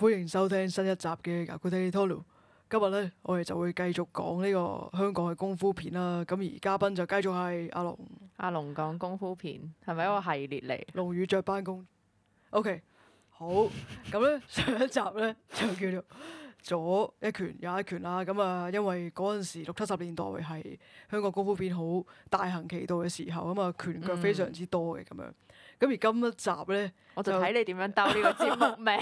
歡迎收聽新一集嘅《逆說電影》，今日咧，我哋就會繼續講呢個香港嘅功夫片啦。咁而嘉賓就繼續係阿龍。阿龍講功夫片係咪一個系列嚟？龍與雀班功。O、okay, K，好。咁咧 上一集咧就叫做左一拳右一拳啦。咁啊，因為嗰陣時六七十年代係香港功夫片好大行其道嘅時候，咁啊拳腳非常之多嘅咁樣。嗯咁而今一集咧，我就睇你點樣兜呢個節目名。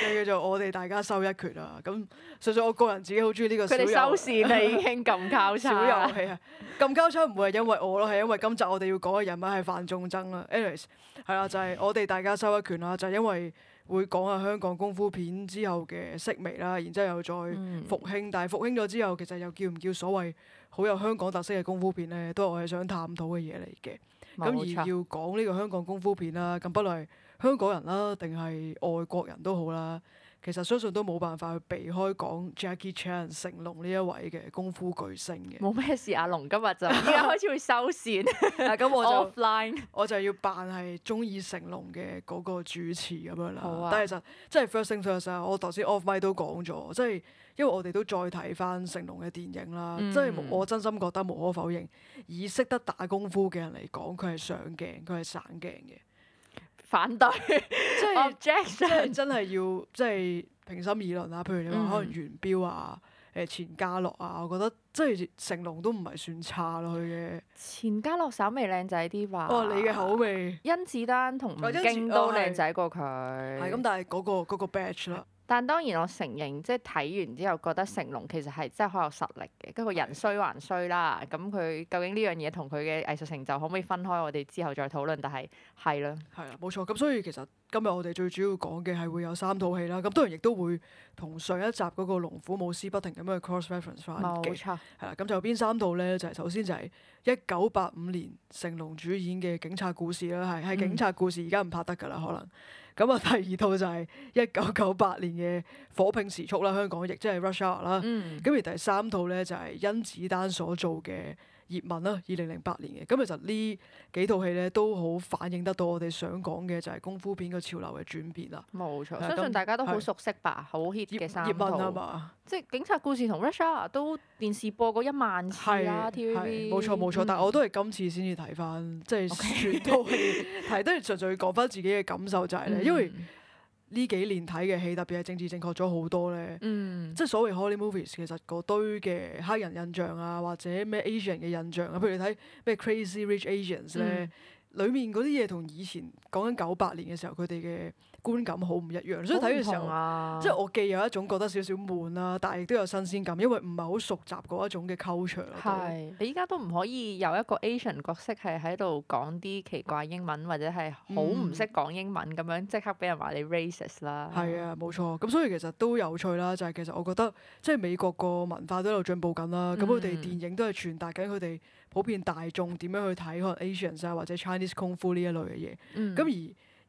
就叫做「我哋大家收一拳啦。咁，純粹我個人自己好中意呢個。佢收視率已經咁交叉。小遊戲啊，咁交叉唔會係因為我咯，係因為今集我哋要講嘅人物係范仲增啦，Alice。係、anyway, 啦，就係、是、我哋大家收一拳啦，就係、是、因為會講下香港功夫片之後嘅式微啦，然之後又再復興，嗯、但係復興咗之後，其實又叫唔叫所謂好有香港特色嘅功夫片咧，都係我哋想探討嘅嘢嚟嘅。咁而要講呢個香港功夫片啦，咁不論係香港人啦，定係外國人都好啦。其實相信都冇辦法去避開講 Jackie Chan 成龍呢一位嘅功夫巨星嘅。冇咩事，阿龍今日就而家開始會收線。咁我就 offline 我就要扮係中意成龍嘅嗰個主持咁樣啦。好啊、但係就，即係 first thing first，我頭先 off mic 都講咗，即係因為我哋都再睇翻成龍嘅電影啦。嗯、即係我真心覺得無可否認，以識得打功夫嘅人嚟講，佢係上鏡，佢係省鏡嘅。反對 所以，即係即係真係要即係平心而論啊！譬如你話可能元彪啊、誒錢嘉樂啊，我覺得即係成龍都唔係算差咯佢嘅。錢嘉樂稍微靚仔啲吧。哦，你嘅口味。甄子丹同吳京、哦、都靚仔過佢。係咁、哦，但係嗰、嗰個嗰、嗰個 batch 啦。但當然我承認，即係睇完之後覺得成龍其實係真係好有實力嘅。跟住人衰還衰啦，咁佢究竟呢樣嘢同佢嘅藝術成就可唔可以分開？我哋之後再討論。但係係咯，係啦，冇錯。咁所以其實今日我哋最主要講嘅係會有三套戲啦。咁當然亦都會同上一集嗰個《龍虎武師》不停咁樣去 cross reference 翻。冇錯。係啦，咁就有邊三套咧？就係、係、首先就係一九八五年成龍主演嘅《警察故事》啦，係係《警察故事》而家唔拍得㗎啦，可能。咁啊，第二套就係一九九八年嘅火拼時速啦，香港亦即係 Rush Hour 啦，嗯。咁而第三套咧就係甄子丹所做嘅葉問啦，二零零八年嘅，咁其實幾呢幾套戲咧都好反映得到我哋想講嘅就係功夫片嘅潮流嘅轉變啦。冇錯，相信大家都好熟悉吧？好 hit 嘅三套。葉葉問啊嘛，即係警察故事同 Rush Hour 都電視播過一萬次啦。TVB 冇錯冇錯，錯嗯、但我都係今次先至睇翻，即、就、係、是、全套戲睇，都係純粹講翻自己嘅感受就係、是、咧，嗯、因為。呢幾年睇嘅戲，特別係政治正確咗好多咧，嗯、即係所謂 Hollywood movies 其實嗰堆嘅黑人印象啊，或者咩 Asian 嘅印象啊，譬如你睇咩 Crazy Rich Asians 咧，嗯、裡面嗰啲嘢同以前講緊九八年嘅時候佢哋嘅。觀感好唔一樣，所以睇嘅時候，啊、即係我既有一種覺得少少悶啦、啊，但係亦都有新鮮感，因為唔係好熟習嗰一種嘅 culture。係，你依家都唔可以有一個 Asian 角色係喺度講啲奇怪英文或者係好唔識講英文咁、嗯、樣，即刻俾人話你 racist 啦。係啊，冇錯。咁所以其實都有趣啦，就係其實我覺得即係美國個文化都有進步緊啦。咁佢哋電影都係傳達緊佢哋普遍大眾點樣去睇可能 Asian 啊或者 Chinese 功夫呢一類嘅嘢。咁、嗯、而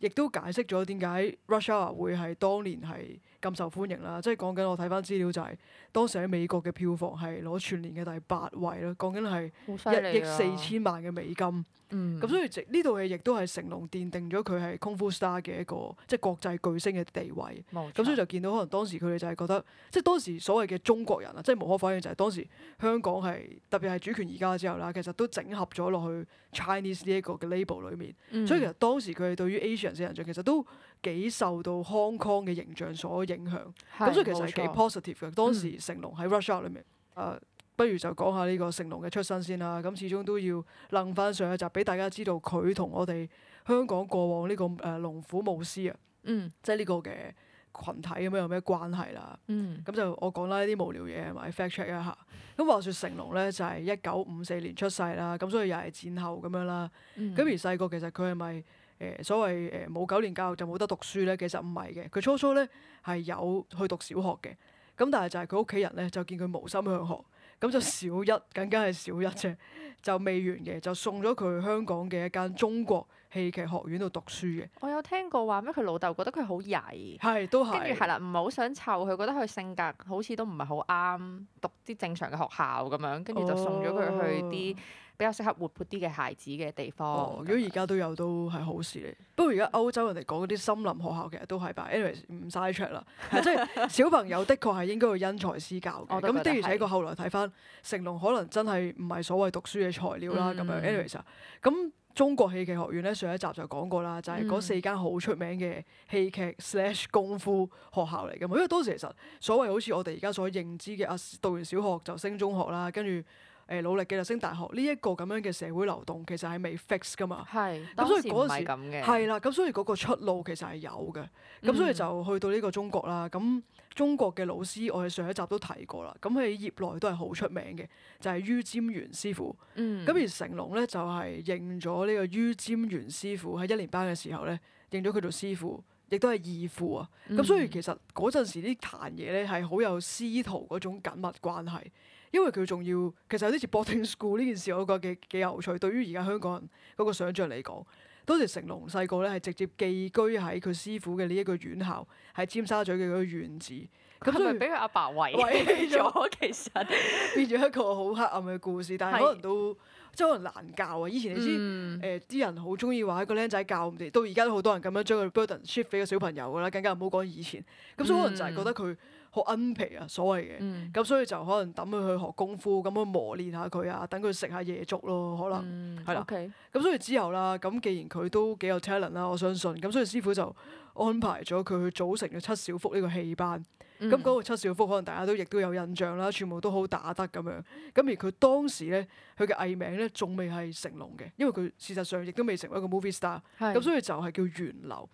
亦都解釋咗點解《Rush Hour》會係當年係咁受歡迎啦，即係講緊我睇翻資料就係、是、當時喺美國嘅票房係攞全年嘅第八位咯，講緊係一億四千萬嘅美金。咁、嗯、所以，這呢套戲亦都係成龍奠定咗佢係功夫 star 嘅一個即係國際巨星嘅地位。咁冇錯、所以就見到可能當時佢哋就係覺得，即係當時所謂嘅中國人啊，即係無可否認就係、是、當時香港係特別係主權移交之後啦，其實都整合咗落去 Chinese 呢一個嘅 label 裏面。嗯、所以其實當時佢哋對於 Asian 嘅印象其實都幾受到 Hong Kong 嘅形象所影響。咁、嗯、所以其實係幾 positive 嘅。嗯、當時成龍喺 Russia 裏面，誒、呃。不如就講下呢個成龍嘅出身先啦。咁始終都要掄翻上一集，俾大家知道佢同我哋香港過往呢、呢個誒龍虎武師啊，嗯、即係呢個嘅群體咁樣有咩關係啦。咁、嗯、就我講啦，呢啲無聊嘢係咪 fact check 一下？咁話説成龍咧，就係一九五四年出世啦。咁所以又係戰後咁樣啦。咁、mm hmm. 而細個其實佢係咪誒所謂誒冇、呃、九年教育就冇得讀書咧？其實唔係嘅，佢初初咧係有去讀小學嘅。咁但係就係佢屋企人咧就見佢無心向學。咁就小一，僅僅係小一啫，就未完嘅，就送咗佢去香港嘅一間中國戲劇學院度讀書嘅。我有聽過話咩？佢老豆覺得佢好曳，係都係，跟住係啦，唔係好想湊佢，覺得佢性格好似都唔係好啱讀啲正常嘅學校咁樣，跟住就送咗佢去啲。哦比較適合活潑啲嘅孩子嘅地方。哦、如果而家都有都係好事。嚟。不過而家歐洲人哋講嗰啲森林學校其實都係吧。Anyways，唔嘥 check 啦。即係小朋友的確係應該要因材施教。咁的而且確後來睇翻，成龍可能真係唔係所謂讀書嘅材料啦咁樣。嗯、Anyways，咁中國戲劇學院咧上一集就講過啦，就係、是、嗰四間好出名嘅戲劇/功夫學校嚟嘅嘛。因為當時其實所謂好似我哋而家所認知嘅啊，讀完小學就升中學啦，跟住。誒努力繼續升大學呢一、這個咁樣嘅社會流動其實係未 fix 噶嘛，當時唔係咁嘅，係啦，咁所以嗰個出路其實係有嘅，咁、嗯、所以就去到呢個中國啦。咁中國嘅老師，我哋上一集都提過啦。咁喺業內都係好出名嘅，就係于占元師傅。嗯。咁而成龍咧就係、是、認咗呢個于占元師傅喺一年班嘅時候咧，認咗佢做師傅，亦都係義父啊。咁、嗯、所以其實嗰陣時啲談嘢咧係好有師徒嗰種緊密關係。因為佢仲要，其實有啲似 boarding school 呢件事，我覺得幾幾有趣。對於而家香港人嗰個想像嚟講，當時成龍細個咧係直接寄居喺佢師傅嘅呢一個院校，喺尖沙咀嘅嗰個院子。咁係咪俾佢阿爸毀咗？毀了 其實變咗一個好黑暗嘅故事。但係可能都即係可能難教啊！以前你知誒，啲、嗯呃、人好中意話一個僆仔教咁啲，到而家都好多人咁樣將個 burden shift 俾個小朋友㗎啦，更加唔好講以前。咁所以可能就係覺得佢。嗯好鵪皮啊，所謂嘅，咁、嗯、所以就可能揼佢去學功夫，咁樣去磨練下佢啊，等佢食下夜粥咯，可能係啦。咁所以之後啦，咁既然佢都幾有 talent 啦，我相信，咁所以師傅就安排咗佢去組成咗七小福呢個戲班。咁嗰、嗯、個七小福可能大家都亦都有印象啦，全部都好打得咁樣。咁而佢當時咧，佢嘅藝名咧仲未係成龍嘅，因為佢事實上亦都未成為一個 movie star 的。咁所以就係叫元樓。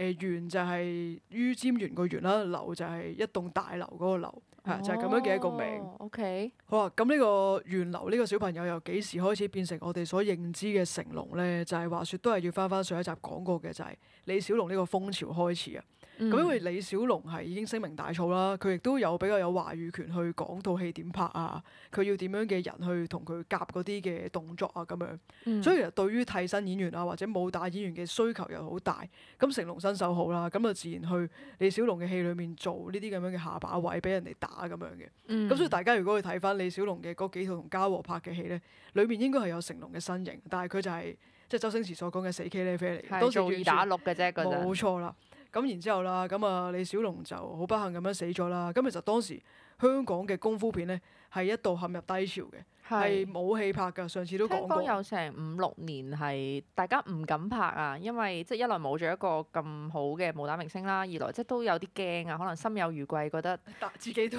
誒圓、呃、就係於尖圓個圓啦，樓就係一棟大樓嗰個樓嚇，就係咁樣嘅一個名。哦、o、okay. K，好啊，咁呢個圓樓呢個小朋友由幾時開始變成我哋所認知嘅成龍咧？就係、是、話説都係要返返上一集講過嘅，就係、是、李小龍呢個風潮開始啊。咁、嗯、因為李小龍係已經聲名大噪啦，佢亦都有比較有話語權去講套戲點拍啊，佢要點樣嘅人去同佢夾嗰啲嘅動作啊咁樣。嗯、所以其實對於替身演員啊或者武打演員嘅需求又好大。咁成龍身手好啦，啊，咁就自然去李小龍嘅戲裏面做呢啲咁樣嘅下巴位俾人哋打咁樣嘅。咁、嗯、所以大家如果去睇翻李小龍嘅嗰幾套同嘉禾拍嘅戲咧，裏面應該係有成龍嘅身形。但係佢就係、是、即係周星馳所講嘅死茄喱啡嚟，係是做二打六嘅啫，嗰冇錯啦。咁然之後啦，咁啊李小龍就好不幸咁樣死咗啦。咁其實當時香港嘅功夫片咧係一度陷入低潮嘅，係冇戲拍㗎。上次都講過，聽講有成五六年係大家唔敢拍啊，因為即係一來冇咗一個咁好嘅武打明星啦，二來即係都有啲驚啊，可能心有餘悸，覺得自己都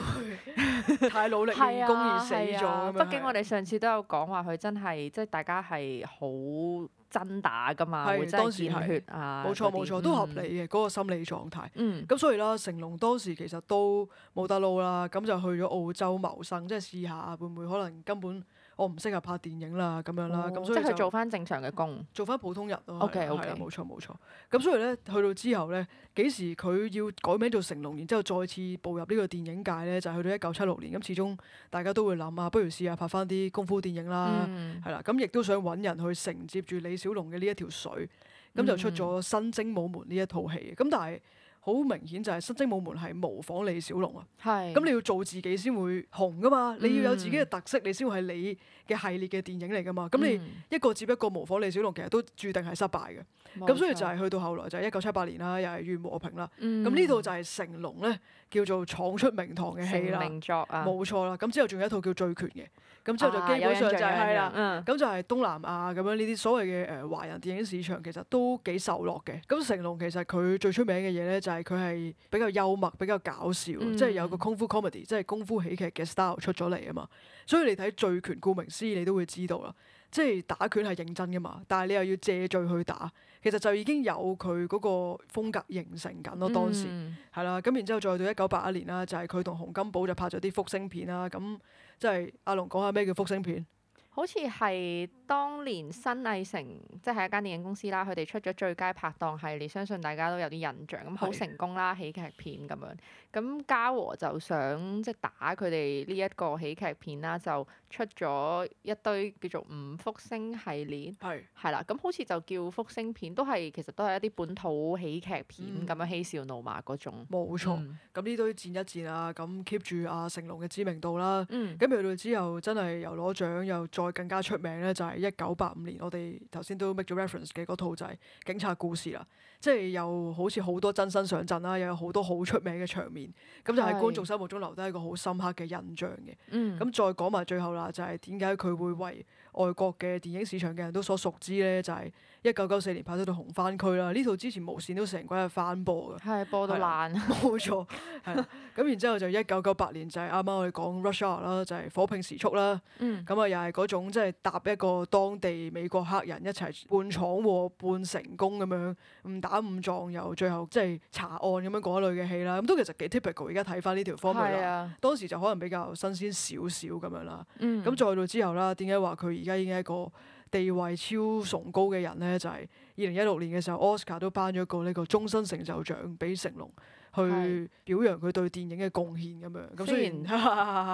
太努力練功而死咗。啊啊啊，畢竟我哋上次都有講話佢真係即係大家係好。真打㗎嘛，是會真係見血啊，冇錯冇錯，都合理嘅嗰、嗯、個心理狀態。咁、嗯、所以啦，成龍當時其實都冇得撈啦，咁就去咗澳洲謀生，即係試下會唔會可能根本。我唔適合拍電影啦，咁樣啦，咁、哦、所以即係做翻正常嘅工，做翻普通人咯。OK OK，冇錯冇錯。咁所以咧，去到之後咧，幾時佢要改名做成龍，然之後再次步入呢個電影界咧，就係去到一九七六年。咁始終大家都會諗啊，不如試下拍翻啲功夫電影啦，係啦、嗯。咁亦都想揾人去承接住李小龍嘅呢一條水。咁就出咗《新精武門》呢一套戲。咁但係，嗯好明顯就係《新精武門》係模仿李小龍啊，咁是你要做自己先會紅噶嘛，嗯、你要有自己嘅特色，你先會係你嘅系列嘅電影嚟噶嘛，咁、嗯、你一個接一個模仿李小龍，其實都注定係失敗嘅，咁錯所以就係去到後來就係一九七八年啦，又係袁和平啦、嗯，咁呢套就係成龍咧。叫做闖出名堂嘅戲啦，冇、啊、錯啦。咁之後仲有一套叫《醉拳》嘅，咁之後就基本上就係、是、啦。咁、啊、就係東南亞咁樣呢啲所謂嘅誒、呃、華人電影市場其實都幾受落嘅。咁成龍其實佢最出名嘅嘢咧，就係佢係比較幽默、比較搞笑，即係、嗯、有個功夫 comedy，即係功夫喜劇嘅 style 出咗嚟啊嘛。所以你睇《醉拳》，顧名思義你都會知道啦。即係打拳係認真噶嘛，但係你又要借醉去打，其實就已經有佢嗰個風格形成緊咯。當時係啦，咁、嗯、然之後再到一九八一年啦，就係佢同洪金寶就拍咗啲福星片啦。咁即係阿龍講下咩叫福星片？就是、星片好似係。當年新藝城即係一間電影公司啦，佢哋出咗最佳拍檔系列，相信大家都有啲印象咁，好成功啦，喜劇片咁樣。咁嘉禾就想即係打佢哋呢一個喜劇片啦，就出咗一堆叫做五福星系列，係是啦，咁好似就叫福星片，都係其實都係一啲本土喜劇片咁樣，嬉、嗯、笑怒罵嗰種。冇錯，咁呢、嗯、堆戰一戰啊，咁 keep 住阿成龍嘅知名度啦。嗯。咁去到之後，真係又攞獎，又再更加出名咧，就係、是。一九八五年，我哋頭先都 make 咗 reference 嘅嗰套仔《警察故事》啦，即係又好似好多真身上陣啦，又有好多好出名嘅場面，咁就喺觀眾心目中留低一個好深刻嘅印象嘅。咁再講埋最後啦，就係點解佢會為外國嘅電影市場嘅人都所熟知咧？就係。一九九四年拍咗套紅番區啦，呢套之前無線都成鬼日翻播嘅。係的播到爛的。冇錯，係咁 然之後就一九九八年就係啱啱我哋講 Rush Hour 啦，就係、是、火拼時速啦。咁啊、嗯，又係嗰種即係、就是、搭一個當地美國黑人一齊半闖禍半成功咁樣，誤打誤撞又最後即係查案咁樣嗰類嘅戲啦。咁都其實幾 typical。而家睇翻呢條方面，r m u 當時就可能比較新鮮少少咁樣啦。咁、嗯、再到之後啦，點解話佢而家已經係一個地位超崇高嘅人咧，就係二零一六年嘅時候，奧斯卡都頒咗個呢個終身成就獎俾成龍。去表揚佢對電影嘅貢獻咁樣，咁雖然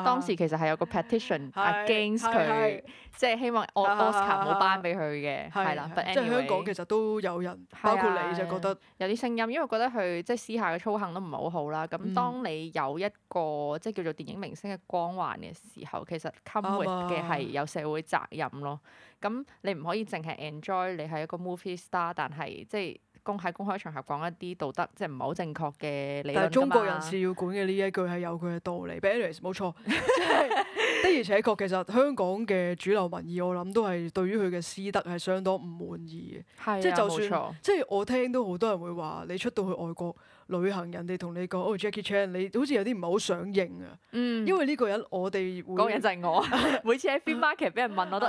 當時其實係有個 petition against 佢，即係希望 Oscar 唔好頒俾佢嘅，係啦。即係香港其實都有人，包括你，啊、就覺得有啲聲音，因為覺得佢即係私下嘅操行都唔係好好啦。咁當你有一個即係叫做電影明星嘅光環嘅時候，其實 come with 嘅係有社會責任咯。咁你唔可以淨係 enjoy 你係一個 movie star，但係即係。公喺公開場合講一啲道德，即係唔係好正確嘅理論，但係中國人士要管嘅呢一句係有佢嘅道理。Benice、anyway, 冇錯、 就是，的而且確，其實香港嘅主流民意我諗都係對於佢嘅私德係相當唔滿意嘅。即係、啊、就，就算錯即係我聽都好多人會話你出到去外國旅行，人哋同你講哦、oh, Jackie Chan，你好似有啲唔係好想認啊。嗯、因為呢個人我哋講人就係我，每次喺邊 market 俾人問我得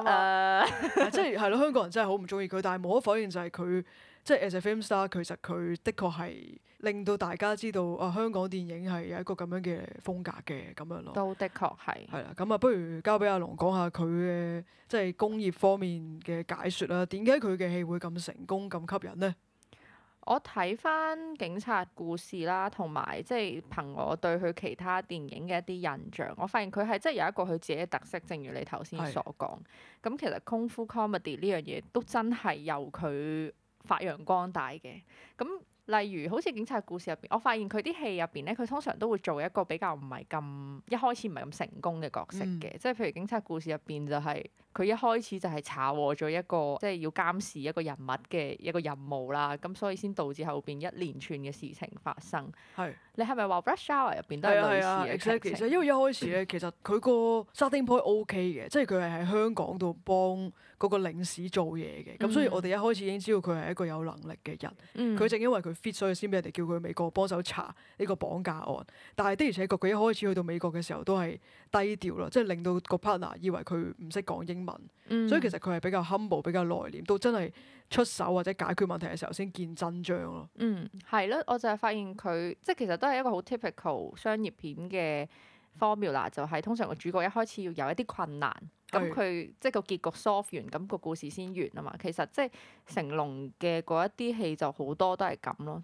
誒，即係係咯，香港人真係好唔中意佢，但係無可否認就係佢。即係 As a film star，其實佢的確係令到大家知道啊，香港電影係有一個咁樣嘅風格嘅咁樣咯。都的確係。係啦，咁啊，不如交俾阿龍講下佢嘅即係工業方面嘅解説啦。點解佢嘅戲會咁成功、咁吸引呢？我睇翻《警察故事》啦，同埋即係憑我對佢其他電影嘅一啲印象，我發現佢係即係有一個佢自己嘅特色，正如你頭先所講。咁的其實功夫 comedy 呢樣嘢都真係由佢。發揚光大嘅。咁，例如好似警察故事入邊，我發現佢啲戲入邊咧，佢通常都會做一個比較唔係咁一開始唔係咁成功嘅角色嘅。嗯、即係譬如警察故事入邊就係、是、佢一開始就係查獲咗一個即係要監視一個人物嘅一個任務啦，咁所以先導致後邊一連串嘅事情發生。係是你係咪話《Rush Hour》入邊都係類似嘅？其實因為一開始咧，其實佢個 setting point O K 嘅， 即係佢係喺香港度幫。嗰個領事做嘢嘅，咁所以我哋一開始已經知道佢係一個有能力嘅人。佢、嗯、正因為佢 fit，所以先俾人哋叫佢去美國幫手查呢個綁架案。但係的而且確佢一開始去到美國嘅時候都係低調咯，即係令到個 partner 以為佢唔識講英文。嗯、所以其實佢係比較 humble，比較內斂，到真係出手或者解決問題嘅時候先見真章咯。嗯，係咯，我就係發現佢即係其實都係一個好 typical 商業片嘅 formula，就係通常個主角一開始要有一啲困難。咁佢 即係個結局 soft 完，咁個故事先完啊嘛。其實即成龍嘅嗰一啲戲就好多都係咁咯。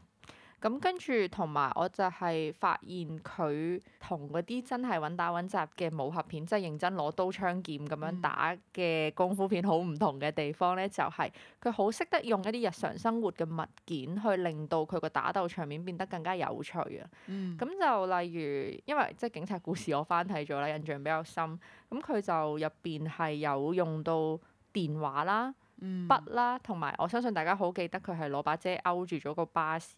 咁跟住同埋，我就係發現佢同嗰啲真係穩打穩紮嘅武俠片，即係認真攞刀槍劍咁樣打嘅功夫片，好唔同嘅地方咧，就係佢好識得用一啲日常生活嘅物件去令到佢個打鬥場面變得更加有趣啊。咁、嗯、就例如，因為即係警察故事，我翻睇咗啦，印象比較深。咁佢就入邊係有用到電話啦。嗯、筆啦，同埋我相信大家好記得佢係攞把遮勾住咗個巴士，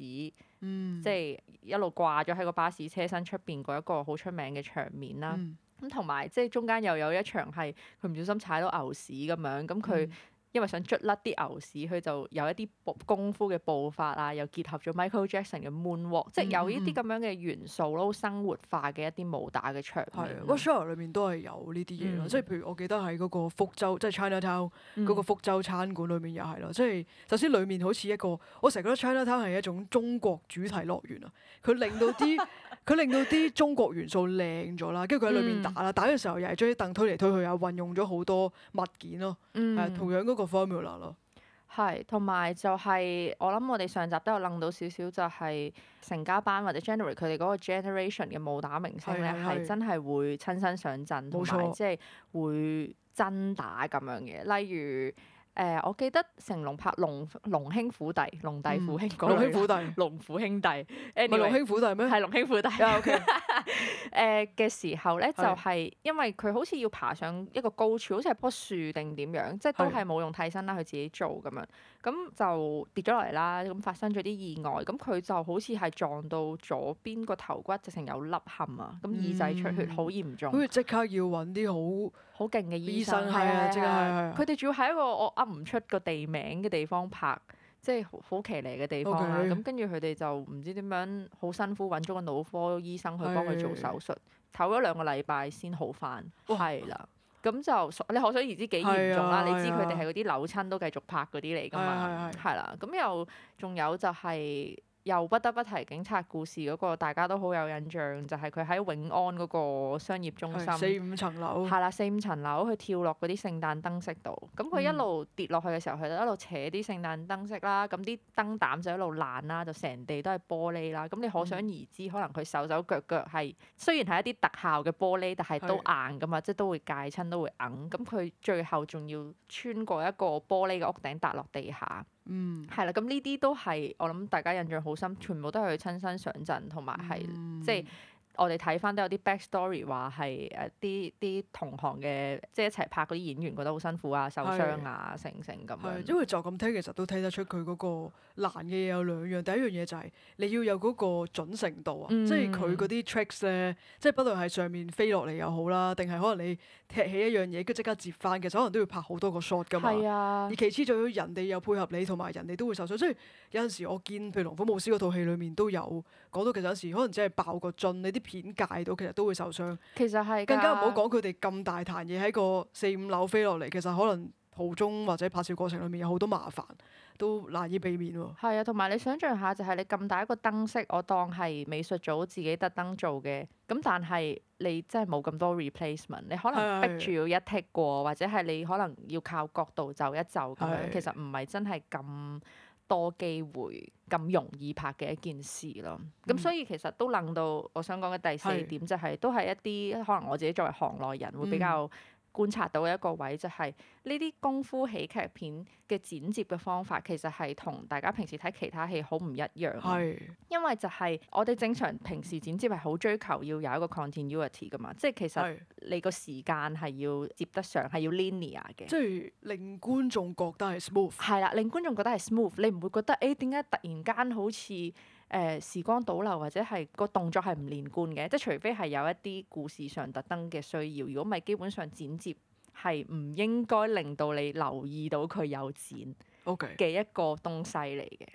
嗯、即係一路掛咗喺個巴士車身出邊嗰一個好出名嘅場面啦。咁同埋即係中間又有一場係佢唔小心踩到牛屎咁樣，咁佢、嗯。因為想捽甩啲牛屎，佢就有一啲功夫嘅步法啊，又結合咗 Michael Jackson 嘅 Moonwalk，即係有呢啲咁樣嘅元素咯，生活化嘅一啲武打嘅場。係啊，Warrior 裏面都係有呢啲嘢咯，嗯、即係譬如我記得喺嗰個福州，即係 China Town 嗰個福州餐館裏面又係啦，即係首先裏面好似一個，我成日覺得 China Town 係一種中國主題樂園啊，佢令到啲佢令到啲中國元素靚咗啦，跟住佢喺裏面打啦，打嘅時候又係將啲凳推嚟推去，又運用咗好多物件咯，嗯、同樣嗰、那個 formula 咯，係同埋就係我諗，我哋上集都有諗到少少，就係，就係成家班或者 generate 佢哋嗰個 generation 嘅武打明星咧，係是真係會親身上陣，同埋即係會真打咁樣嘅，例如。誒、呃，我記得成龍拍《龍龍兄虎弟》《龍弟虎兄》，龍兄虎弟，龍虎 兄弟，咪、anyway, 龍兄虎弟咩？係龍兄虎弟。誒 嘅、 呃、時候咧， 就係因為佢好似要爬上一個高處，好似係棵樹定點樣，的即係都係冇用替身啦，佢自己做咁樣。咁就跌咗落嚟啦，咁發生咗啲意外，咁佢就好似係撞到左邊個頭骨，直情有凹陷啊，咁、嗯、耳仔出血好嚴重。跟住、嗯、即刻要揾啲好好勁嘅醫生係生啊！即係佢哋主要喺一個我噏唔出個地名嘅地方拍，即係好騎呢嘅地方啦。咁跟住佢哋就唔知點樣好辛苦揾咗個腦科醫生去幫佢做手術，唞咗兩個禮拜先好翻，係啦哇。 咁就你可想而知幾嚴重啦！啊、你知佢哋係嗰啲扭親都繼續拍嗰啲嚟㗎嘛？係啦、啊，咁、啊啊啊、又仲有就係、是。又不得不提警察故事嗰個，大家都好有印象，就係佢喺永安嗰個商業中心，四五層樓，係啦，四五層樓，佢跳落嗰啲聖誕燈飾度。咁佢一路跌落去嘅時候，佢就一路扯啲聖誕燈飾啦。咁啲燈膽就一路爛啦，就成地都係玻璃啦。咁你可想而知，嗯、可能佢手手腳腳，係雖然係一啲特效嘅玻璃，但係都硬噶嘛，的即係都會戒親都會硬，咁佢最後仲要穿過一個玻璃嘅屋頂，揼落地下。嗯，係啦，咁呢啲都係我諗大家印象好深，全部都係佢親身上陣，同埋係即係我哋睇翻都有啲 back story 話係誒啲、啊、啲同行嘅，即係一齊拍嗰啲演員覺得好辛苦啊、受傷啊、的成成咁樣。係，因為就咁聽其實都睇得出佢嗰、嗰個。難嘅嘢有兩樣，第一樣嘢就係你要有嗰個準程度啊、嗯，即係佢嗰啲 tricks 咧，即係不論係上面飛落嚟又好啦，定係可能你踢起一樣嘢，佢即刻接翻，其實可能都要拍好多個 shot 噶嘛。啊、而其次仲要人哋又配合你，同埋人哋都會受傷，所以有陣時我見，譬如《龍虎武師》嗰套戲裡面都有講到，其實有時可能只係爆個樽，你啲片界到其實都會受傷。其實係更加唔好講佢哋咁大壇嘢喺個四五樓飛落嚟，其實可能。途中或者拍攝過程裏面有好多麻煩，都難以避免喎、啊。係啊，同埋你想象下，就係你咁大一個燈飾，我當係美術組自己特登做嘅，咁但係你真係冇咁多 replacement，你可能逼住要一 take 過，或者係你可能要靠角度就一就咁樣，是的 其實唔係真係咁多機會咁容易拍嘅一件事咯。咁所以其實都楞到我想講嘅第四點，就是，就係是的 都係一啲可能我自己作為行內人會比較。觀察到嘅一個位就係呢啲功夫喜劇片嘅剪接嘅方法，其實係同大家平時睇其他戲好唔一樣。是因為就係我哋正常平時剪接係好追求要有一個 continuity 嘅嘛，即係其實你個時間係要接得上，係要 linear 嘅。即係令觀眾覺得係 smooth。係啦，令觀眾覺得係 smooth，你唔會覺得誒點解突然間好似，誒、呃、時光倒流或者係個動作係唔連貫嘅，即除非係有一啲故事上特登嘅需要，如果唔係基本上剪接係唔應該令到你留意到佢有剪嘅一個東西嚟嘅，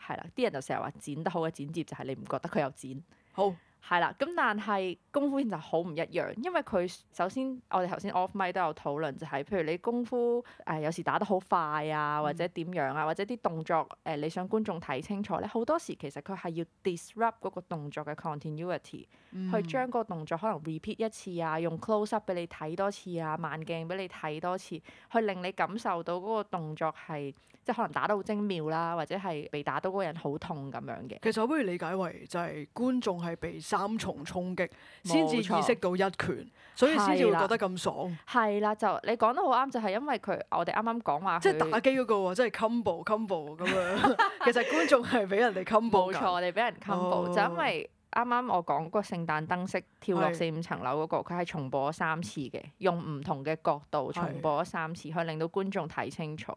係啦 Okay.，啲人就成日話剪得好嘅剪接就係你唔覺得佢有剪。好。係啦，咁但係功夫片就好唔一樣，因為佢首先我哋頭先 off mic 都有討論，就係、是、譬如你功夫誒、呃、有時打得好快啊，或者點樣啊，或者啲動作誒、呃、你想觀眾睇清楚咧，好多時其實佢係要 disrupt 嗰個動作嘅 continuity，嗯、哼去將個動作可能 repeat 一次啊，用 close up 俾你睇多次啊，慢鏡俾你睇多次，去令你感受到嗰個動作係。即係可能打得好精妙啦，或者係被打到嗰個人好痛咁樣嘅。其實我不如理解為就係、是、觀眾係被三重衝擊先至錯意識到一拳，的所以先至會覺得咁爽。係啦，就你講得好啱，就係、是、因為佢我哋啱啱講話，即係打機嗰、那個即係、就是、com combo combo 咁樣。 其實觀眾係俾人哋 combo，冇錯，我哋俾人 combo、哦。就因為啱啱我講嗰個聖誕燈飾跳落四五層樓嗰、那個，佢係重播咗三次嘅，用唔同嘅角度重播咗三次，去令到觀眾睇清楚。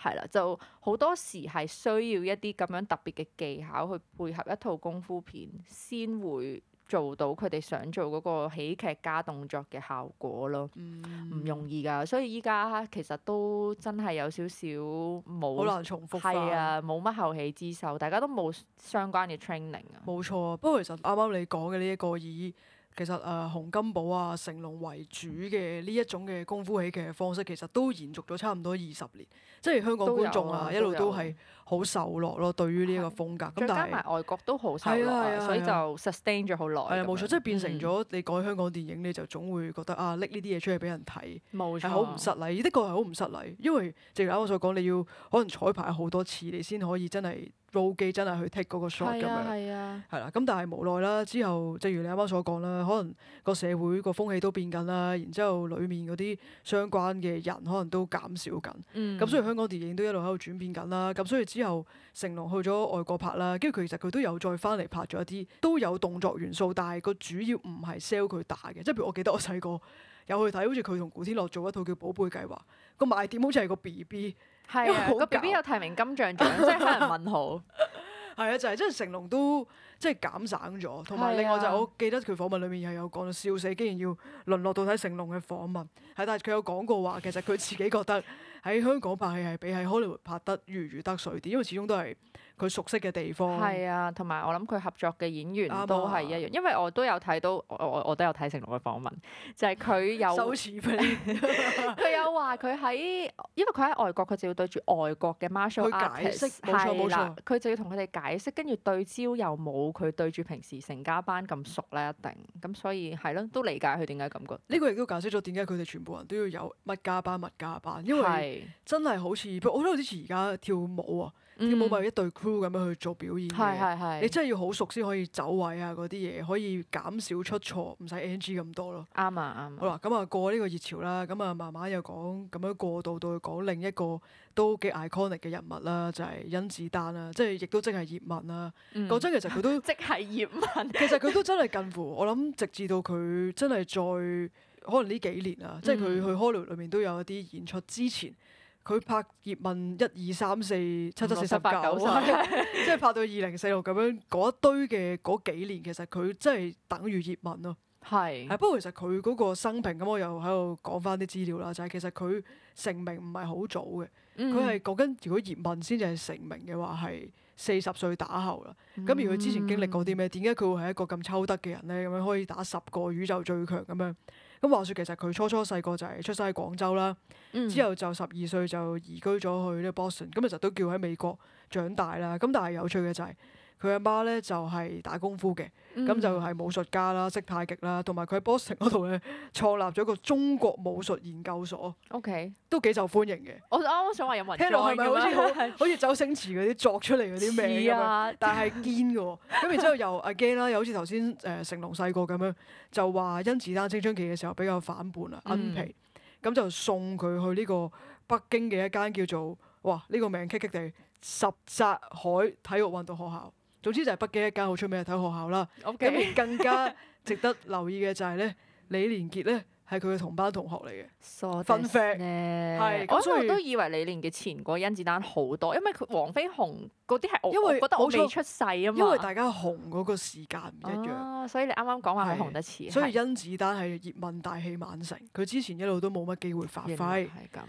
係啦，就好多時係需要一啲咁樣特別嘅技巧去配合一套功夫片，先會做到佢哋想做嗰個喜劇加動作嘅效果咯。嗯，唔容易㗎，所以依家其實都真係有少少冇，好難重複，係啊，冇乜後起之秀，大家都冇相關嘅 training 啊。冇錯，不過其實啱啱你講嘅呢一個以。其實誒、呃、洪金寶啊成龍為主嘅呢一種嘅功夫喜劇嘅方式，其實都延續咗差唔多二十年，即係香港觀眾啊一路都係好受落咯，嗯、對於呢一個風格。再、嗯、是加埋外國都好受落，所以就 sustain 咗好耐。係啊，冇錯，即係變成咗你講香港電影你就總會覺得、嗯、啊拎呢啲嘢出去俾人睇，係好唔失禮，的確係好唔失禮，因為正如啱我所講，你要可能彩排好多次，你先可以真係。手機真係去 take 嗰個 shot 咁樣，係啊係啊，係啦。咁但係無奈啦，之後正如你啱啱所講啦，可能個社會個風氣都變緊啦，然之後裡面嗰啲相關嘅人可能都減少緊。咁、嗯、所以香港電影都一路喺度轉變緊啦。咁所以之後成龍去咗外國拍啦，跟住其實佢都有再翻嚟拍咗一啲，都有動作元素，但係個主要唔係 sell 佢打嘅。即係譬如我記得我細個有去睇，好似佢同古天樂做一套叫《寶貝計劃》，個賣點好似係個 BB。係啊，個 B B 有提名金像獎，即係可能問號。係啊， 就係即係成龍都即係、就是、減省咗，同埋另外就係、是、的我記得佢訪問裏面又有講到。笑死，竟然要淪落到睇成龍嘅訪問。係，但係佢有講過話，其實佢自己覺得喺香港拍戲係比喺 Hollywood 拍得如魚得水啲，因為始終都係。佢熟悉嘅地方係啊，同埋我諗佢合作嘅演員都係一樣，因為我都有睇到我我我都有睇成龍嘅訪問，就係佢有，佢有話佢喺，因為佢喺外國，佢就要對住外國嘅 martial actors，係啦，佢就要同佢哋解釋，跟住對焦又冇佢對住平時成家班咁熟咧，一定咁，所以係咯，都理解佢點解咁覺，呢個亦都解釋咗點解佢哋全部人都要有乜家班乜家班，因為真係好似，我覺得好似而家跳舞啊。要冇物一隊 crew 咁樣去做表演嘅，是是是你真係要好熟先可以走位啊，嗰啲嘢，可以減少出錯，唔使 NG 咁多咯。啱啊、嗯，啱、嗯、啊。嗯、好啦，咁、嗯、啊過呢個熱潮啦，咁、嗯、啊慢慢又講咁樣過渡到去講另一個都幾 iconic 嘅人物啦，就係、是、甄子丹啦，即係亦都正係葉問啦。講真，其實佢都即係 是葉問。 其實佢都真係近乎我諗，直至到佢真係再，可能呢幾年啊，嗯、即係佢去 Hollywood 裏面都有一啲演出之前。佢拍葉問一二三四七七四十九三， 即係拍到二零四六咁樣嗰一堆嘅嗰幾年，其實佢真係等於葉問咯。係是，不過其實佢嗰個生平咁，我又喺度講翻啲資料啦，就係、是、其實佢成名唔係好早嘅，佢係講緊如果葉問先至係成名嘅話，係四十歲打後啦。咁如果佢之前經歷過啲咩？點解佢會係一個咁抽得嘅人咧？咁樣可以打十個宇宙最強咁樣。咁話説其實佢初初細個就係出生喺廣州啦，嗯、之後就十二歲就移居咗去呢 Boston 咁其實都叫喺美國長大啦。咁但係有趣嘅就係、是。佢阿媽咧就係、是、打功夫嘅，咁、嗯、就係武術家啦，識太極啦，同埋佢喺波士頓嗰度咧創立咗一個中國武術研究所，OK，都幾受歡迎嘅。我啱啱想話有問題，聽落係咪好似 好似周星馳嗰啲作出嚟嗰啲味啊，但係堅嘅喎。咁 然之後由阿 g a r e 啦，again, 又好似頭先誒成龍細個咁樣，就話甄子丹青春期嘅時候比較反叛啊，恩皮、嗯，咁、嗯、就送佢去呢個北京嘅一間叫做哇呢、這個名棘棘地十澤海體育運動學校。總之就係北京一間好出名嘅體育學校啦。咁 Okay. 更加值得留意嘅就係咧，李連杰咧係佢嘅同班同學嚟嘅。Fun fact，我都以為李連杰前過甄子丹好多，因為佢黃飛鴻嗰啲係我覺得我未出世啊嘛。因為大家紅嗰個時間唔一樣、啊。所以你啱啱講話係紅得遲。所以甄子丹係葉問大器晚成，佢之前一路都冇乜機會發揮。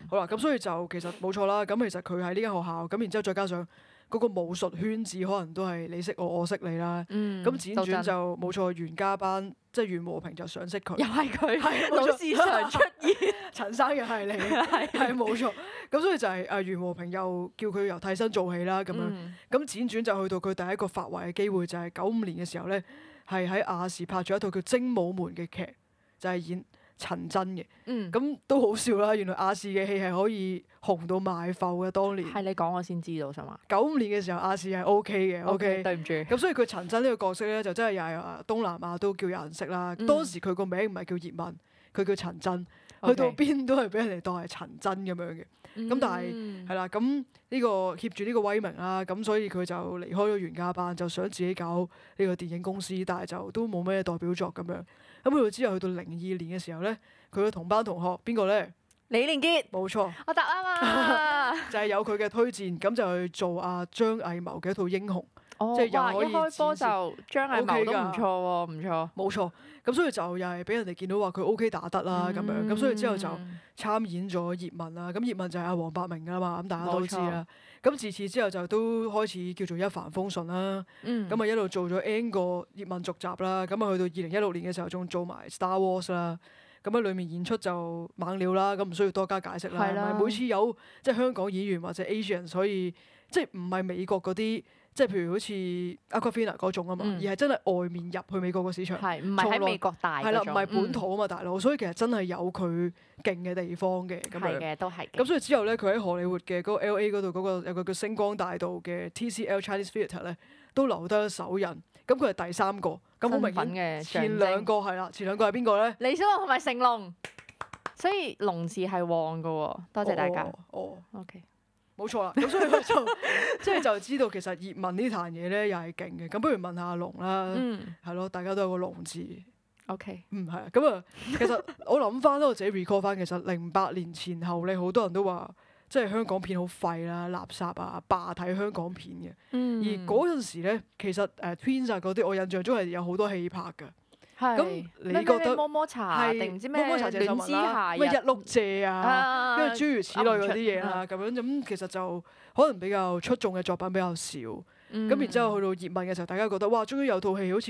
好啦，咁所以就其實冇錯啦。咁其實佢喺呢間學校，咁然之後再加上。嗰個武術圈子可能都係你識我，我識你啦。咁輾、嗯、轉就冇錯，袁家班即係、就是、袁和平就想識佢。又係佢，好時 常出現。 陳生又係你，係冇 是 錯。咁所以就係啊袁和平又叫佢由替身做起啦。咁樣咁輾轉就去到佢第一個發圍嘅機會就係九五年嘅時候咧，係喺亞視拍咗一套叫《精武門》嘅劇，就係、是、演，陳真嘅，咁、嗯、都好笑啦！原來亞視嘅戲係可以紅到賣埠嘅，當年係你講我先知道，係嘛？九五年嘅時候，亞視係 OK 嘅，OK, okay. 對唔住。咁所以佢陳真呢個角色咧，就真係又係東南亞都叫有人識啦。嗯、當時佢個名唔係叫葉問，佢叫陳真，去 Okay. 到邊都係俾人哋當係陳真咁樣嘅。咁、嗯、但係係啦，咁呢、呢個挾住呢個威名啦，咁所以佢就離開咗袁家班，就想自己搞呢個電影公司，但係就都冇咩代表作咁樣。咁佢之後去到零二年嘅時候咧，佢嘅同班同學邊個咧？呢李連杰。冇錯。我答啊嘛。 就係有佢嘅推薦，咁就去做阿張藝謀嘅一套英雄。哦，即又可以哇！一開波就張藝謀、OK、的都唔錯喎，唔錯。冇錯。咁所以就又係俾人哋見到話佢 OK 打得啦，咁、嗯、樣。咁所以之後就參演咗葉問啦。咁葉問就係阿黃百鳴噶啦嘛，咁大家都知啦。咁自此之後就都開始叫做一帆風順啦，咁啊、嗯、一路做咗 N 個葉問續集啦，咁啊去到二零一六年嘅時候仲做埋 Star Wars 啦，咁喺裡面演出就猛料啦，咁唔需要多加解釋啦。係啦，每次有即係、就是、香港演員或者 Asian，所以即係唔係美國嗰啲。即係譬如好似 Aquafina 嗰種啊嘛，嗯、而係真係外面入去美國個市場，係唔係喺美國大？係啦來，唔係本土啊嘛，嗯、大佬。所以其實真係有佢勁嘅地方嘅。係、嗯、嘅，都係。咁所以之後咧，佢喺荷里活嘅嗰個 LA 嗰度嗰個有個叫星光大道嘅 TCL Chinese Theater 咧，都留低咗手印。咁佢係第三個。咁好明顯嘅、嗯。前兩個係啦，前兩個係邊個咧？李小龍同埋成龍。所以龍字係旺㗎喎，多謝大家。哦、oh, oh.，OK。冇錯啦，咁 所以我就 即係就知道其實葉問呢壇嘢咧又係勁嘅。咁不如問,問下阿龍啦，係咯、嗯，大家都有個龍字，OK，嗯係啊。咁啊，其實我諗翻都我自己 record 翻，其實零八年前後咧好多人都話，即係香港片好廢啦、垃,垃圾啊、罷睇香港片嘅。而嗰陣時咧，其實誒、uh, Twins 嗰、啊、啲我印象中係有好多戲拍㗎。咁你覺得？係。咁《摸摸茶》定唔知咩《亂之鞋》、咩《一碌蔗》啊，因為、啊、諸如此類嗰啲嘢啦，咁暗巡 樣咁其實就可能比較出眾嘅作品比較少。咁、嗯、然之後去到葉問嘅時候，大家覺得哇，終於有套戲好似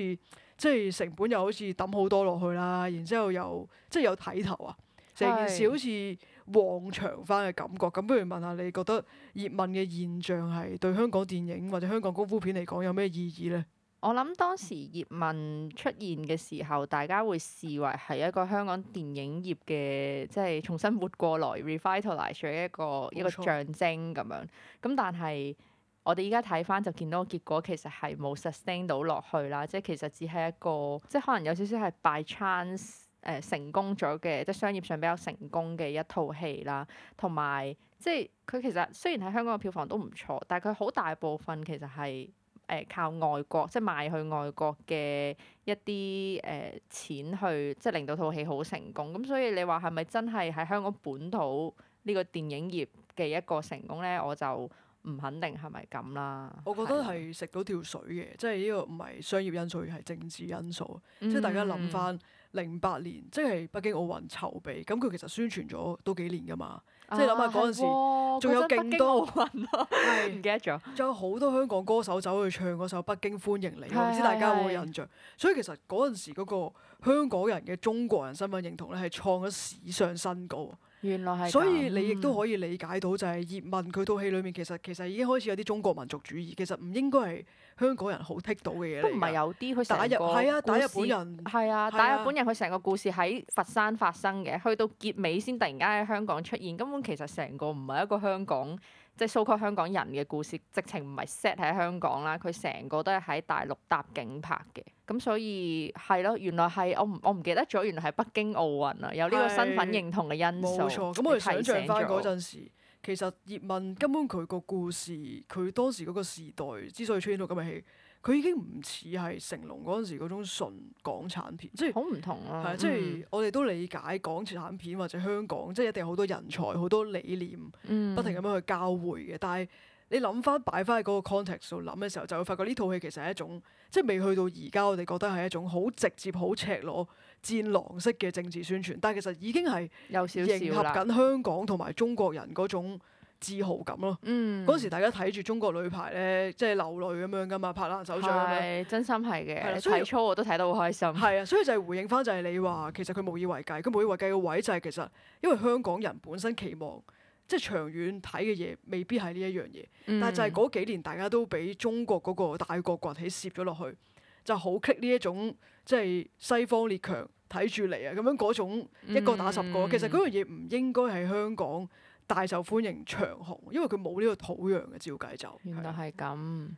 即係成本又好似抌好多落去啦，然之後又即係有睇頭啊，成件事好似旺場翻嘅感覺。咁是不如問下你覺得葉問嘅現象係對香港電影或者香港功夫片嚟講有咩意義咧？我諗當時葉問出現嘅時候，大家會視為係一個香港電影業嘅，即係重新活過來、revitalised 一個冇錯一個象徵咁樣。咁但係我哋依家睇翻就見到個結果，其實係冇 sustain 到落去啦。即係其實只係一個，即係可能有少少係 by chance 誒成功咗嘅，即係商業上比較成功嘅一套戲啦。同埋即係佢其實雖然喺香港嘅票房都唔錯，但係佢好大部分其實係。誒、呃、靠外國，即係賣去外國嘅一啲誒、呃、錢去，即係令到套戲好成功。咁所以你話係咪真係喺香港本土呢個電影業嘅一個成功咧？我就唔肯定係咪咁啦。我覺得係食到條水嘅，是的 即係呢個唔係商業因素，而係政治因素。嗯嗯，即係大家諗返零八年，即係北京奧運籌備，咁佢其實宣傳咗都幾年㗎嘛。即係諗下嗰陣時、啊，仲有勁多人咯仲 唔記得咗，有好多香港歌手走去唱嗰首《北京歡迎你》，唔知大家有冇印象？所以其實嗰陣時嗰個香港人嘅中國人身份認同咧，係創咗史上新高。原來係咁，所以你亦都可以理解到，就係葉問佢套戲裏面，其實其實已經開始有啲中國民族主義，其實唔應該係香港人好剔到嘅嘢，都唔係有啲佢打日，係啊打日本人，係啊，啊打日本人，佢成、啊啊、個故事喺佛山發生嘅，去到結尾先突然間喺香港出現，根本其實成個唔係一個香港。即係所謂香港人嘅故事，直情唔係 set 喺香港啦，佢成個都係喺大陸搭景拍嘅，咁所以係咯，原來係我我唔記得咗，原來係北京奧運啊，有呢個身份認同嘅因素。冇錯，咁我哋想像翻嗰陣時，其實葉問根本佢個故事，佢當時嗰個時代之所以出現到咁嘅戲。佢已經唔似係成龍嗰陣時嗰種純港產片，即係好唔同啊！係、即係我哋都理解港產片或者香港，嗯、即係一定好多人才、好、嗯、多理念，嗯、不停咁樣去交匯嘅。但係你諗翻擺翻喺嗰個 context 度諗嘅時候，就會發覺呢套戲其實係一種即係未去到而家我哋覺得係一種好直接、好赤裸戰狼式嘅政治宣傳。但係其實已經係迎合緊香港同埋中國人嗰種自豪感咯，嗰、嗯、時大家睇住中國女排咧，即係流淚咁樣㗎嘛，拍爛手掌咁樣，真心係嘅。起初我都睇得好開心。係啊，所以就係回應翻，就係你話其實佢無以為繼，佢無以為繼嘅位就係其實因為香港人本身期望即係、就是、長遠睇嘅嘢未必係呢一樣嘢，嗯、但係就係嗰幾年大家都俾中國嗰個大國崛起攝咗落去，就好 kick 呢一種即係、就是、西方列強睇住嚟啊咁樣嗰種一個打十個，嗯、其實嗰樣嘢唔應該係香港。大受歡迎長紅，因為佢冇呢個土壤嘅照計就。原來係咁。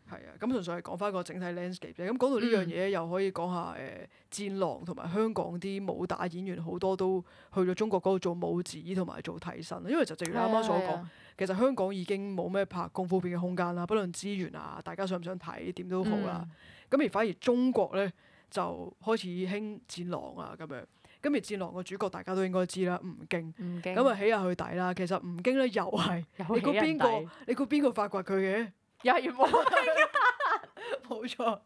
係啊，咁純粹係講翻個整體 landscape。咁講到呢樣嘢，嗯、又可以講下誒戰狼同埋香港啲武打演員好多都去咗中國嗰度做武指同埋做替身，因為就正如你啱啱所講，啊啊、其實香港已經冇咩拍功夫片嘅空間啦，不論資源啊，大家想唔想睇點都好啦。咁、嗯、而反而中國咧就開始興戰狼啊咁樣。今日戰狼個主角大家都應該知啦，吳京。咁啊、嗯，起下佢底啦。其實吳京咧又係，你估邊個？你估邊個發掘佢嘅？又係袁和平、啊。冇 錯，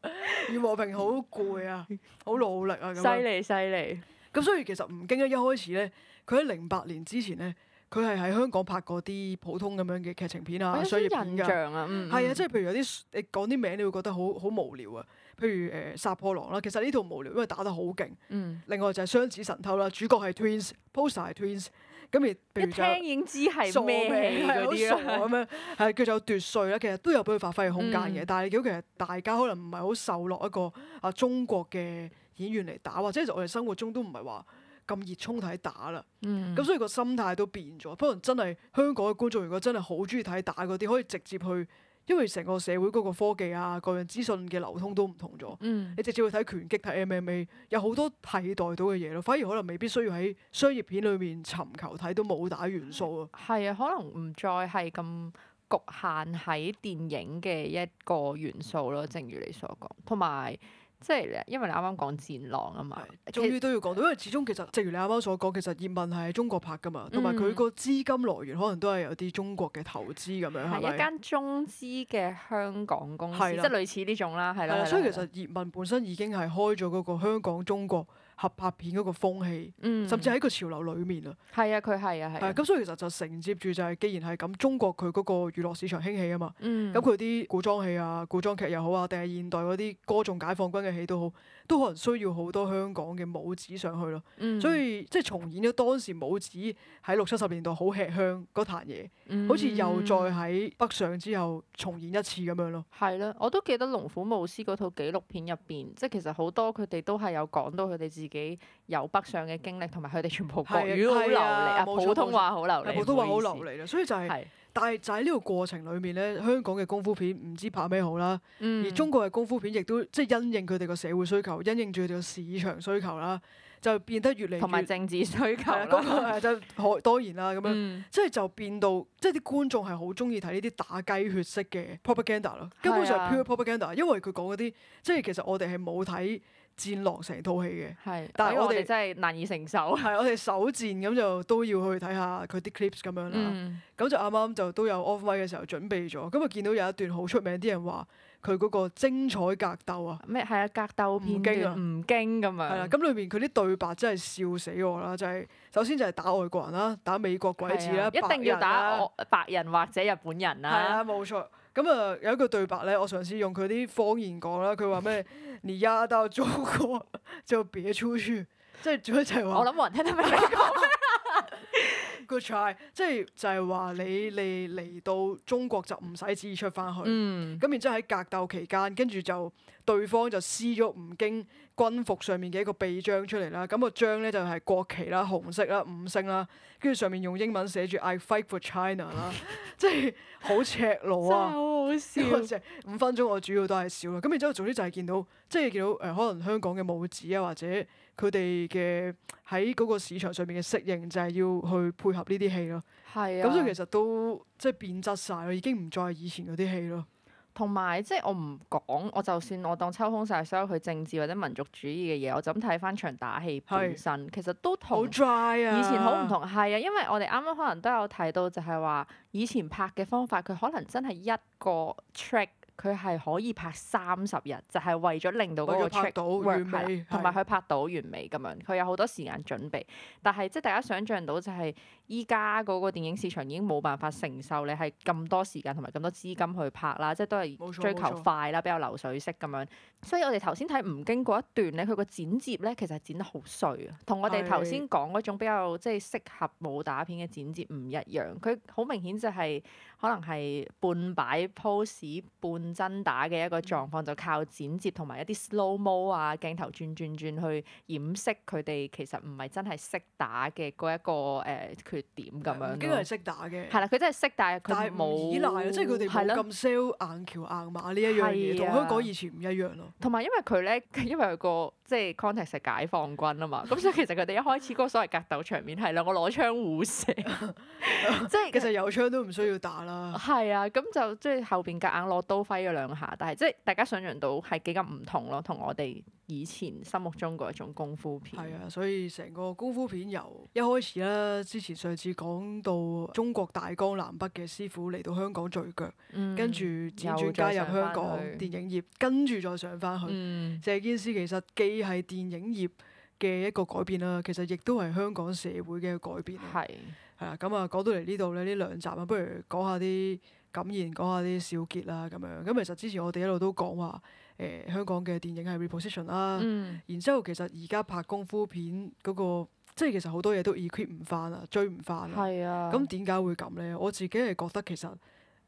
袁和平好攰啊，好努力啊。咁犀利犀利。咁所以其實吳京一開始咧，佢喺零八年之前咧，佢係喺香港拍過啲普通咁樣嘅劇情片啊、商業我有 片㗎。印象啊，係啊，即、嗯、係、嗯啊、譬如有啲你講啲名，你會覺得好好無聊啊。譬如誒、呃、殺破狼啦，其實呢套無聊，因為打得好勁。嗯、另外就係雙子神偷啦，主角係 twins，poster 係 twins。咁而一聽已經知係咩嗰啲好傻咁樣。係， 佢就奪帥啦。其實都有俾佢發揮嘅空間嘅。嗯。但係如果其實大家可能唔係好受落一個啊中國嘅演員嚟打，或者就我哋生活中都唔係話咁熱衷睇打啦。嗯。咁所以個心態都變咗。不過真係香港嘅觀眾，如果真係好中意睇打嗰啲，可以直接去。因為成個社會嗰個科技啊，各樣資訊嘅流通都唔同咗，嗯、你直接去睇拳擊睇 MMA，有好多替代到嘅嘢咯，反而可能未必需要喺商業片裏面尋求睇到武打元素啊。係啊，可能唔再係咁局限喺電影嘅一個元素咯，正如你所講，同埋。即係，因為你啱啱講戰狼啊嘛，終於都要講到，實因為始終其實，正如你啱啱所講，其實葉問係喺中國拍噶嘛，同埋佢個資金來源可能都係有啲中國嘅投資咁樣，係咪、嗯？係一間中資嘅香港公司，的即係類似呢種啦，係啦。所以其實葉問本身已經係開咗嗰個香港中國。合拍片嗰個風氣，嗯、甚至喺個潮流裏面啊，係啊，佢係啊，係。係咁，所以其實就承接住就係、是，既然係咁，中國佢嗰個娛樂市場興起啊嘛，咁佢啲古裝戲啊、古裝劇又好啊，定係現代嗰啲歌頌解放軍嘅戲都好。都可能需要好多香港嘅武師上去咯，嗯、所以即係重演咗當時武師喺六七十年代好吃香嗰壇嘢，嗯、好似又再喺北上之後重演一次咁樣咯。係咯，我都記得《龍虎武師》嗰套紀錄片入邊，即係其實好多佢哋都係有講到佢哋自己由北上嘅經歷同埋佢哋全部國語好流利啊的，普通話好流利，普通話好流利啦，所以就係、是。但係就喺呢個過程裏面咧，香港嘅功夫片唔知拍咩好啦，嗯、而中國嘅功夫片亦都即係、就是、因應佢哋個社會需求，因應住佢哋個市場需求啦，就變得越嚟越同埋政治需求啦，就好當然啦咁樣，即係就變到即係啲觀眾係好中意睇呢啲打雞血式嘅 propaganda 咯，根本上係 pure propaganda，是、啊、因為佢講嗰啲即係其實我哋係冇睇。戰狼成套戲嘅，是但係我哋真係難以承受。 係我哋首戰咁就都要去睇下佢啲 clips 咁樣啦。咁、嗯、就啱啱就都有 off mic 嘅時候準備咗。咁啊見到有一段好出名，啲人話佢嗰個精彩格鬥啊，咩係啊格鬥片經啊吳京咁啊。係啦，咁裏面佢啲對白真係笑死我啦！就係、是、首先就係打外國人啦，打美國鬼子啦，的人一定要打白人或者日本人啦。係啊，冇、嗯、錯。咁啊、嗯、有一個對白咧，我嘗試用佢啲方言講啦，佢話咩，你丫到中國就別出去，即係做一齊話。我諗冇人聽得明你講。 Good try，即係就係話你嚟嚟到中國就唔使指意出翻去。嗯。咁然之後喺格鬥期間，跟住就對方就施咗吳京。軍服上面嘅一個臂章出嚟啦，咁、那個章咧就係、是、國旗啦，紅色啦，五星啦，跟住上面用英文寫住 I fight for China 啦，即係好赤裸啊！ 真係好好笑！五分鐘我主要都係笑啦，咁然之後總之就係見到，即、就、係、是、見到誒，可能香港嘅武指啊，或者佢哋嘅喺嗰個市場上面嘅適應，就係要去配合呢啲戲咯。係啊，咁所以其實都即係、就是、變質晒咯，已經唔再係以前嗰啲戲咯。同埋即係我唔講，我就算我當抽空晒所有佢政治或者民族主義嘅嘢，我就咁睇翻場打戲本身，係其實都同以前好唔同，係啊，因為我哋啱啱可能都有提到就，就係話以前拍嘅方法，佢可能真係一個 track 佢係可以拍三十日，就係、係、為咗令到嗰個 track 完美，同埋佢拍到完美咁樣，佢有好多時間準備。但係即係大家想像到就係、係。依家嗰個電影市場已經冇辦法承受你係咁多時間同埋咁多資金去拍啦，即係都係追求快啦，比較流水式咁樣。所以我哋頭先睇吳京嗰一段咧，佢個剪接咧其實剪得好碎啊，同我哋頭先講嗰種比較即係適合武打片嘅剪接唔一樣，佢好明顯就係可能係半擺 pose 半真打嘅一個狀況，就靠剪接同埋一啲 slow mo 啊鏡頭轉轉轉去掩飾佢哋其實唔係真係識打嘅嗰一個誒。呃點咁樣？幾個人識打嘅？係啦，佢真係識，但係佢冇依賴，即係佢哋冇咁 sell 硬橋硬馬呢一樣嘢，同香港以前唔一樣咯。同埋因為佢咧，因為有、嗰個。即係 context 係解放軍啊嘛，咁所以其實佢哋一開始嗰所謂格鬥場面係兩個攞槍互射 即，即係 其實有槍都唔需要打啦。係啊，咁就即係後邊夾硬攞刀揮咗兩下，但係即係大家想像到係幾咁唔同咯，同我哋以前心目中嗰一種功夫片。係啊，所以成個功夫片由一開始啦，之前上次講到中國大江南北嘅師傅嚟到香港聚腳，跟住自傳加入香港電影業，跟住再上翻去，成件事其實幾係電影業嘅一個改變啦，啊，其實亦都係香港社會嘅改變。係係啦，咁啊，講到嚟呢度咧，呢兩集啊，不如講下啲感言，講下啲小結啦，咁樣，嗯。咁，嗯嗯嗯，其實之前我哋一路都講話，誒，香港嘅電影係 reposition 啦，然之後其實而家拍功夫片嗰，那個，即係其實好多嘢都 equip 唔翻啊，追唔翻啦。係，嗯，啊，咁點解會咁咧？我自己係覺得其實。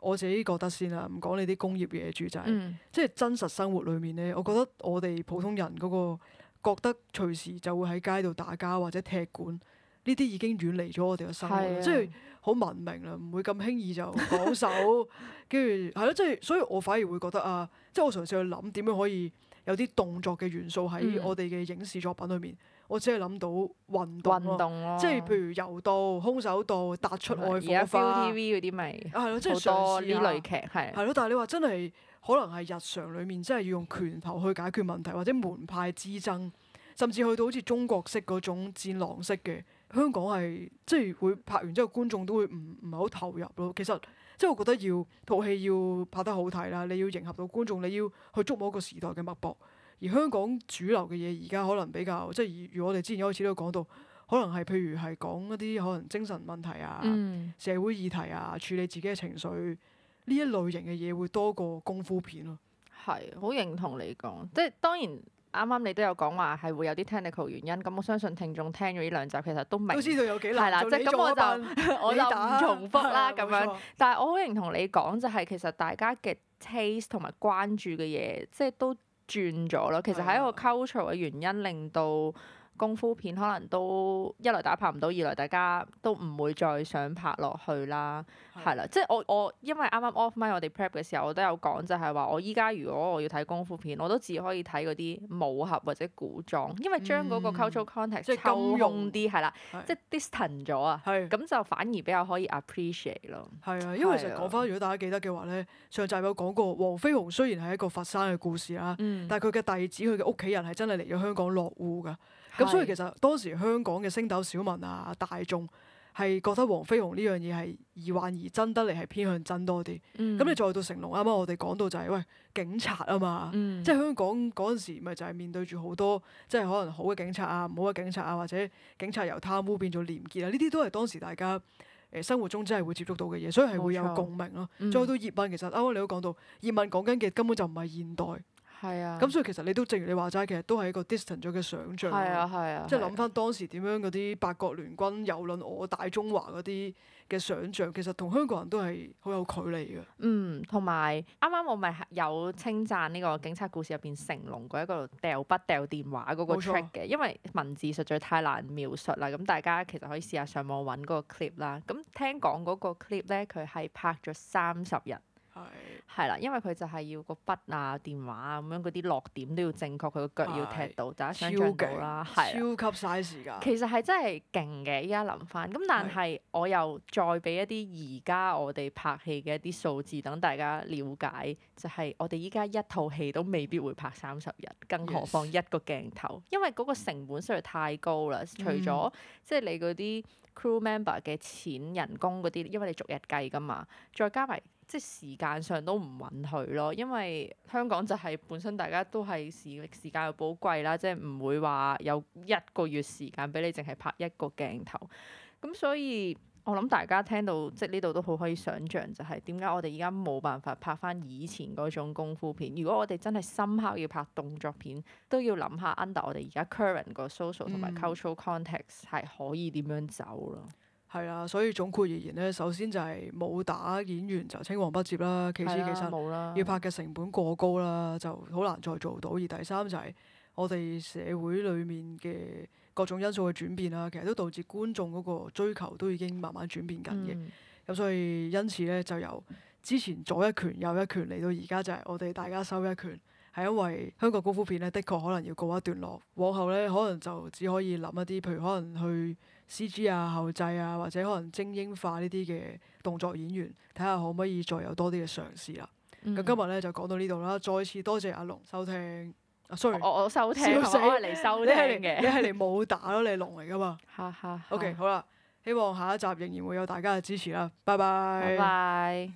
我自己覺得先啦，唔講你啲工業嘢，住、就、仔、是，嗯、即係真實生活裏面咧，我覺得我哋普通人嗰、那個覺得隨時就會喺街度打交，或者踢館，呢啲已經遠離咗我哋嘅生活，是啊、即係好文明啦，唔會咁輕易就保守。跟住係咯，即係、就是、所以我反而會覺得啊，即係我嘗試去諗點樣可以有啲動作嘅元素喺我哋嘅影視作品裏面。嗯嗯我只係諗到運動，運動、啊、即係譬如柔道、空手道、踏出外國 ViuTV 嗰啲咪，係咯，即係上嗰啲、啊、類劇係。係咯，但係你話真係可能係日常裏面，真係要用拳頭去解決問題，或者門派之爭，甚至去到好似中國式嗰種戰狼式嘅香港係，即係會拍完之後觀眾都會唔唔係好投入咯。其實即係我覺得要套戲要拍得好睇啦，你要迎合到觀眾，你要去捉摸一個時代嘅脈搏。而香港主流嘅嘢，而家可能比較，即係如我哋之前一開始都講到，可能係譬如係講一啲可能精神問題啊、嗯、社會議題啊、處理自己嘅情緒呢一類型嘅嘢，會多過功夫片咯、啊。係好認同你講，即係當然啱啱你都有講話係會有啲 technical 原因。咁我相信聽眾聽咗呢兩集其實都明白，都知道有幾難係啦。即係咁我就我就唔重複啦咁樣。但係我好認同你講，就係、是、其實大家嘅 taste 同埋關注嘅嘢，即、就、係、是、都。轉咗咯，其實喺一個溝 u 嘅原因令到。功夫片可能都一來打拍唔到，二來大家都唔會再想拍落去啦，係啦是的。即係我我因為啱啱 off 咪我哋 prep 嘅時候，我都有講就係話，我依家如果我要睇功夫片，我都只可以睇嗰啲武俠或者古裝，因為將嗰個 cultural context、嗯、抽用啲，係啦，了的即係 distant 咗啊。咁的就反而比較可以 appreciate 咯。係啊，因為其實講翻，的如果大家記得嘅話咧，上集有講過，黃飛鴻雖然係一個佛山嘅故事啦，嗯、但係佢嘅弟子佢嘅屋企人係真係嚟咗香港落戶㗎。咁、嗯、所以其實當時香港嘅星斗小民啊、大眾係覺得黃飛鴻呢樣嘢係疑幻疑真得嚟，係偏向真多啲。咁、嗯、你再到成龍，啱啱我哋講到就係、是、喂警察啊嘛，嗯、即係香港嗰陣時咪就係面對住好多即係可能好嘅警察啊、唔好嘅警察啊，或者警察由貪污變做廉潔啊，呢啲都係當時大家誒、呃、生活中真係會接觸到嘅嘢，所以係會有共鳴咯。冇錯、嗯、再到葉問，其實啱啱你都講到葉問講緊嘅根本就唔係現代。係是啊、嗯，咁所以其實你都正如你話齋，其實都係一個 distance 咗嘅想像，啊啊啊、即係諗翻當時點樣嗰啲八國聯軍有論我大中華嗰啲嘅想像，其實同香港人都係好有距離嘅。嗯，同埋啱啱我咪有稱讚呢個警察故事入邊成龍嗰一個掉筆掉電話嗰個 trick 嘅，錯因為文字實在太難描述啦。咁大家其實可以試下上網揾嗰個 clip 啦。咁聽講嗰個 clip 咧，佢係拍咗三十日。係係啦，因為佢就係要個筆啊、電話啊咁樣嗰啲落點都要正確，佢個腳要踢到，的大家想象到啦。係超，的超級嘥時間。其實係真係勁嘅。依家諗返咁，但係我又再俾一啲而家我哋拍戲嘅一啲數字，等大家了解。就係、是、我哋依家一套戲都未必會拍三十日，更何況一個鏡頭，Yes. 因為嗰個成本實在太高啦。除咗即係你嗰啲 crew member 嘅錢、人工嗰啲，因為你逐日計㗎嘛，再加埋。即係時間上都唔允許咯，因為香港就係本身大家都係時時間又寶貴啦，即唔會話有一個月時間俾你淨係拍一個鏡頭。咁所以，我諗大家聽到即呢度都好可以想像、就係，就係點解我哋而家冇辦法拍翻以前嗰種功夫片。如果我哋真係深刻要拍動作片，都要諗下 under 我哋而家 current 個 social 同埋、嗯、cultural context 係可以點樣走咯。係啦，所以總括而言咧，首先就係武打演員就青黃不接啦。其次其實要拍嘅成本過高啦，就好難再做到。而第三就係我哋社會裏面嘅各種因素嘅轉變啦，其實都導致觀眾嗰個追求都已經慢慢轉變緊嘅。咁、嗯、所以因此咧，就由之前左一拳右一拳嚟到而家就係、是、我哋大家收一拳，係因為香港功夫片咧，的確可能要告一段落，往後咧可能就只可以諗一啲，譬如可能去。C.G. 啊，後製啊，或者可能精英化呢啲嘅動作演員，睇下可唔可以再有多啲嘅嘗試啦。咁、mm hmm. 今日咧就講到呢度啦。再次多謝阿龍收聽。啊、Sorry，我我收聽，死我係嚟收聽，你係嚟武打咯，你係龍嚟噶嘛？哈哈。OK，好啦，希望下一集仍然會有大家嘅支持啦。拜拜。拜。